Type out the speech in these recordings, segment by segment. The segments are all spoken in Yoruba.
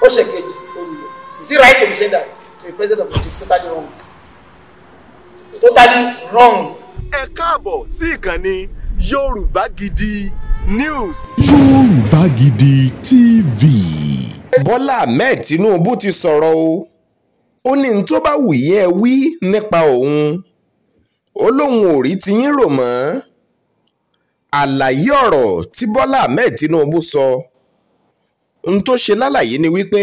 ó ṣe is it right to be saying that to the president of the church totally wrong totally wrong. ẹ káàbọ̀ sí ìkànnì Yorùbá Gidi News. Yorùbá Gidi TV. Bọ́lá Ahmed Tinubu ti sọ̀rọ̀ o ó ní n tó bá wù yín ẹ wí nípa òun ó lóun ò rí tiyín rò mọ́ àlàyé ọ̀rọ̀ tí Bọ́lá Ahmed Tinubu sọ. So n tó ṣe lálàyé ni wípé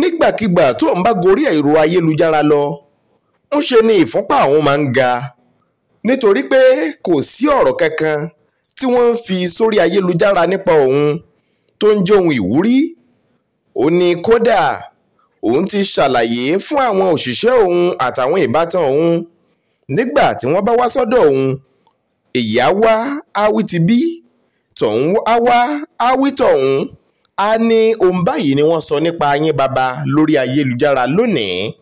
nígbàkigbà tó ń bá gorí ẹ̀rọ ayélujára lọ ń ṣe ni ìfúnpá àwọn máa ń ga nítorí pé kò sí ọ̀rọ̀ kankan tí wọ́n ń fi sórí ayélujára nípa òun tó ń jẹ́ ohun ìwúrí ó ní kódà òun ti ṣàlàyé fún àwọn òṣìṣẹ́ òun àtàwọn ìbátan òun nígbà tí wọ́n bá wá sọ́dọ̀ òun èyí á wá á wí ti bí tọ̀hún á wá á wí tọ̀hún a ní ohun báyìí ni wọ́n sọ nípa yín bàbá lórí ayélujára lónìí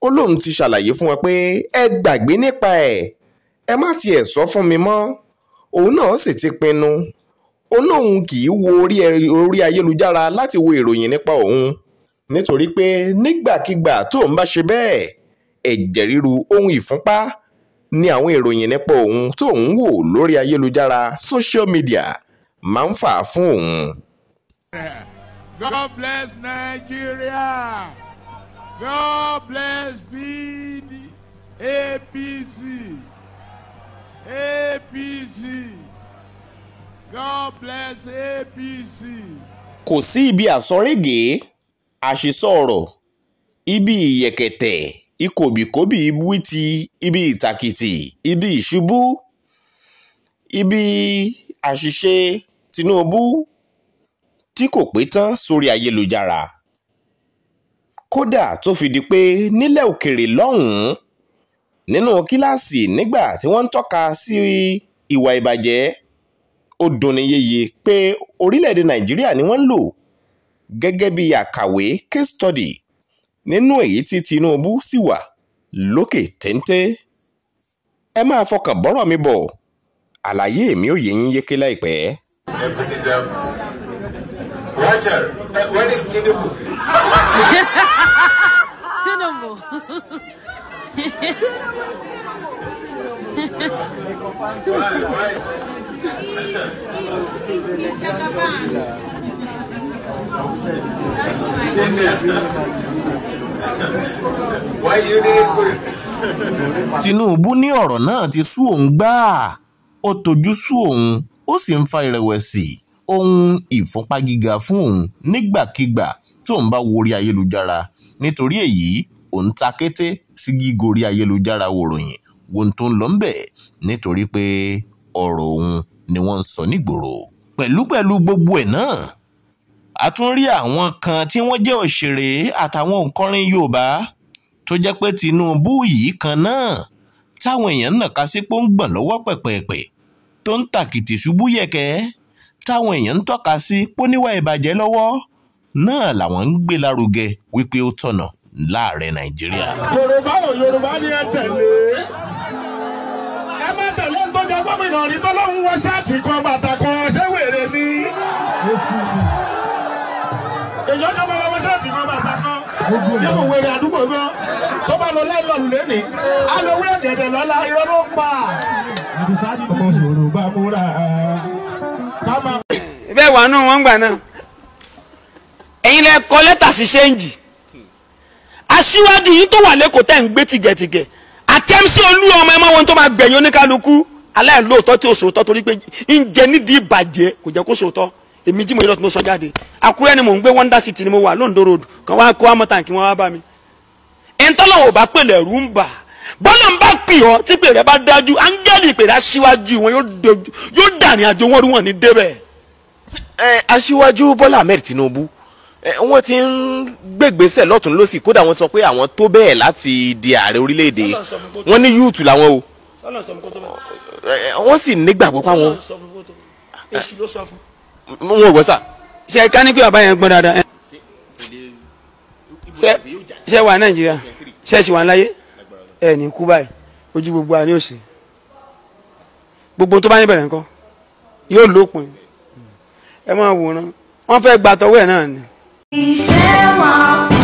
ó lóun ti ṣàlàyé fún wọn pé ẹ gbàgbé nípa ẹ̀ ẹ má tiẹ̀ sọ fún mi mọ́ òun náà sì ti pinnu olóhùn kì í wo orí ayélujára láti wo ìròyìn nípa òun nítorí pé nígbàkigbà tó ń bá ṣe bẹ́ẹ̀ ẹ̀jẹ̀ ríru ohun ìfúnpá ni àwọn ìròyìn nípa òun tó ń wò lórí ayélujára social media máa ń fà á fún òun. God bless Nigeria. God bless BD, APC. APC. God bless APC. Kò sí ibi àsọ̀régèé, àṣìsọ ọ̀rọ̀, ibi ìyẹ̀kẹ̀tẹ̀, ikòbìkòbì ibúwìtì, ibi ìtàkìtì, ibi ìṣubú, ibi àṣìṣe Tinubu tí kò pé tán sórí ayélujára kódà tó fi di pé nílẹ̀ òkèrè lọ́hùn-ún nínú kíláàsì nígbà tí wọ́n ń tọ́ka sí ìwà ìbàjẹ́ ó dunni yeye pé orílẹ̀-èdè nàìjíríà ni wọ́n ń lò gẹ́gẹ́ bí àkàwé case study nínú èyí tí tinubu sì wà lókè téńté ẹ máa fọkàn bọ́rọ̀ mi bọ̀ àlàyé mi ò yé yín yéké láìpẹ́. every deserve Hajar, uh, eh, when is Tinubu? Tinubu. why, why? why you need food? Tinubu ní ọ̀rọ̀ náà ti sú òun gbáà ó tojú sú òun ó sì ń fa ìrẹ̀wẹ̀sì ohun ìfúnpá gíga fún òun nígbàkigbà tóun bá wo orí ayélujára nítorí èyí òun ta kété sí gígorí ayélujára wòròyìn ohun tó ń lọ ńbẹ̀ nítorí pé ọ̀rọ̀ òun ni wọ́n ń sọ nígboro. pẹ̀lúpẹ̀lú gbogbo ẹ̀ náà a tún rí àwọn kan tí wọ́n jẹ́ òṣèré àtàwọn òǹkọrin Yorùbá tó jẹ́ pé Tinubu yìí kan náà táwọn èèyàn nàka sí pòǹgbọ̀n lọ́wọ́ pẹ̀pẹ̀pẹ̀ tó ń tàkìtì ṣubú yẹ̀kẹ́ táwọn èèyàn ń tọ́ka sí póníwà ìbàjẹ́ lọ́wọ́ náà làwọn ń gbé lárugẹ wípé ó tọ̀nà láàrẹ nàìjíríà. yorùbá ò yorùbá ni ẹ tẹ̀lé ẹ má tẹ̀lé ń tọ́jà gómìnà rí tọ́lọ́hún wọ ṣáàtì kan bàtà kan ṣé wèrè ni. èèyàn jọba wọn ṣáàtì kan bàtà kan yóò wèrè àdúgbò gan tó bá lọ lẹ́ẹ̀lọ́lù lẹ́nìí á lọ wí lọ́la irọ́ ló ń pa. ìbísà ni yorùbá múra bẹ́ẹ̀ wà nù wọ́n gbà náà ẹ̀yin lẹ kọ lẹ́tà sí ṣẹ́ǹjì aṣíwájú yìí tó wà lẹ́kọ̀ọ́ tẹ̀ ń gbé tìgẹ̀tìgẹ̀ àtẹ́mísí olú ọmọ ẹ mọ́ wọn tó máa gbẹ̀yìn oníkálukú aláìlóòótọ́ tí ó sòótọ́ torí pé ń jẹ nídìí ìbàjẹ́ kò jẹ́ kó sòótọ́ èmi jí mo yẹ lọ́tún mo sọ jáde Àkúrẹ́ ni mò ń gbé Wonder City ni mo wà Lóńdó road kan wá kó amọ̀tàn kí wọ́n wá bá mi ẹ̀ńtọ́lọ́wọ̀ bá pèlè rúmbà bọ́lá ń bá pè ọ́ tí pèrè bá dájú áńgẹ́lì pèrè aṣíwájú wọn yóò dà ní àjò wọn rú wọn ní débẹ̀. aṣíwájú bọ́lá ahmed tinubu wọ́n ti ń gbègbèsẹ̀ lọ́tún lọ́sì kódà wọ́n sọ pé àwọn tó bẹ́ẹ̀ láti di ààrẹ orílẹ̀-èdè wọ́n ní yúùtù làwọn o wọ́n sì nígbàgbọ́ páwọn. wọn ò gbọ́ sà. ṣe é ká ní pé bàbá yẹn gbọ́n dáadáa. ṣe wà nàìjíríà ṣe é ṣì wà láyé ẹ ní kú báyìí ojú gbogbo àní òsì gbogbo tó bá níbẹ̀rẹ̀ ńkọ́ yóò lópin ẹ máa wòran wọ́n fẹ́ gbàtọ́wọ́ ẹ̀ náà ni. ìfẹ́ wọn.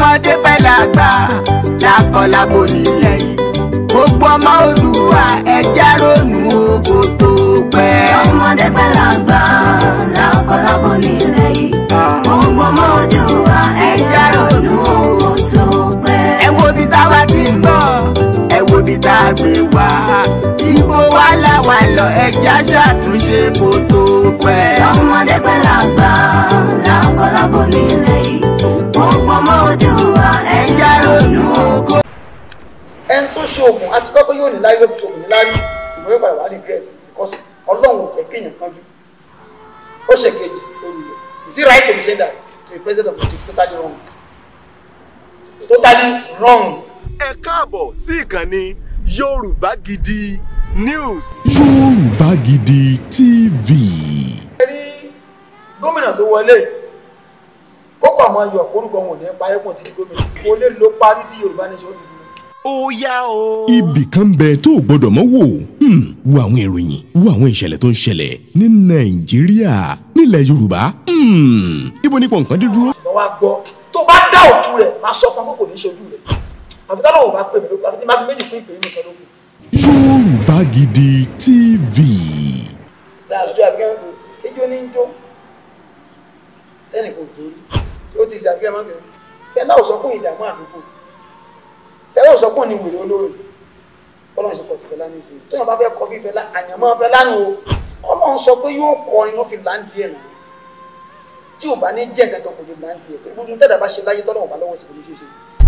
tọmọdé pẹ́ làgbà lákọlábo nílẹ̀ yìí gbogbo ọmọ Oòduà ẹja ronú ogo tó pẹ́. tọmọdé pẹ́ làgbà lákọlábo nílẹ̀ yìí gbogbo ọmọ Oòduà ẹja ronú ogo tó pẹ́. ẹ wo bí táwa ti ń bọ̀ ẹ wo bí tá a gbé wá ibo wa là wà lọ ẹja ṣàtúnṣe kó tó pẹ́. tọmọdé pẹ́ làgbà lákọlábo nílẹ̀ yìí ẹn tó ṣe oògùn àti kọ́kọ́ yóò ní láyé lóbi tó kù ní láyé ìwé yóò wà ní gírẹ́ẹ̀tì because ọlọ́run ò fẹ́ kéèyàn kánjú ó ṣe kejì lórí rẹ̀ is it right to be saying that to the president of the chief totally wrong totally wrong. ẹ káàbọ̀ sí ìkànnì Yorùbá Gidi News. Yorùbá Gidi TV. ẹ rí gómìnà tó wọlé yìí kókò ọmọ yọ orúkọ wọn ò ní parí pọ̀ títí gómìnà kò lè lo parí tí yorùbá nation fi dúró. ó yá o. ibì kan bẹ tó o gbọ́dọ̀ mọ̀ wò hmm, wo àwọn ìròyìn wo àwọn ìṣẹ̀lẹ̀ tó ń ṣẹlẹ̀ ní nàìjíríà nílẹ̀ yorùbá hmm, ibo ní pọnkan dídúró. ṣùgbọ́n wàá gbọ́ tó bá dá òtún rẹ̀ máa sọ fún akókò ní ṣojú rẹ̀ àfi tọ́lọ́ ò bá pè mí lóko àfi tí máa fi méjì fún ìpè nìkan lóko. Yorùbá Gidi TV. sàṣù àbíkẹ́ ń kó ejò ní ń jó tẹ́nì kò jó rí ó ti ṣàbí ẹ̀ mọ́kẹ́ fẹ́lá ò sọ pé ìdààmú àdúgbò fẹ́lá ò sọ pé ní wèrè olórin ọlọ́run sọ pé ti fẹ́lá ní ìsìn tó yàn bá fẹ́ kọ bí fẹ́lá àyànmọ́ fẹ́lá nù o ọlọ́run sọ pé yóò kọ iná fi láǹdì ẹ̀ nà tí ò bá ní jẹ́ gàgàn kò lè láǹdì ẹ̀ tó gbogbo tẹ́lẹ̀ bá ṣe láyé tọ́lọ́run bá lọ́wọ́ sí ìlú ṣíṣe.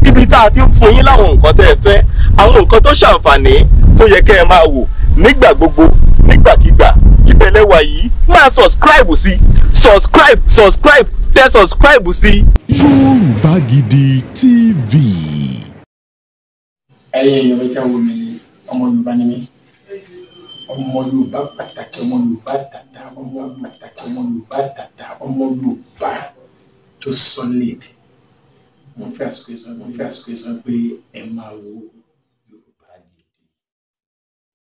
ibi tá a ti ń fún yín láwọn nǹkan tẹ́ ẹ fẹ́ àwọn nǹkan tó ṣàǹfààní tó yẹ kẹ́ ẹ máa wò nígbà gbogbo nígbàkigbà ìbẹ̀lẹ̀ wà yìí máa subscribe sí subscribe subscribe tẹ subscribe sí. Yorùbá Gidi TV. ẹyẹ yorùbá jẹ́ wo mi ni ọmọ yorùbá ni mí ọmọ yorùbá pàtàkì ọmọ yorùbá tàtà ọmọ pàtàkì ọmọ yorùbá tàtà ọmọ yorùbá tó solid mo fẹ́ àsìkò ìsọ̀rọ̀ mo fẹ́ àsìkò ìsọ̀rọ̀ pé ẹ máa wo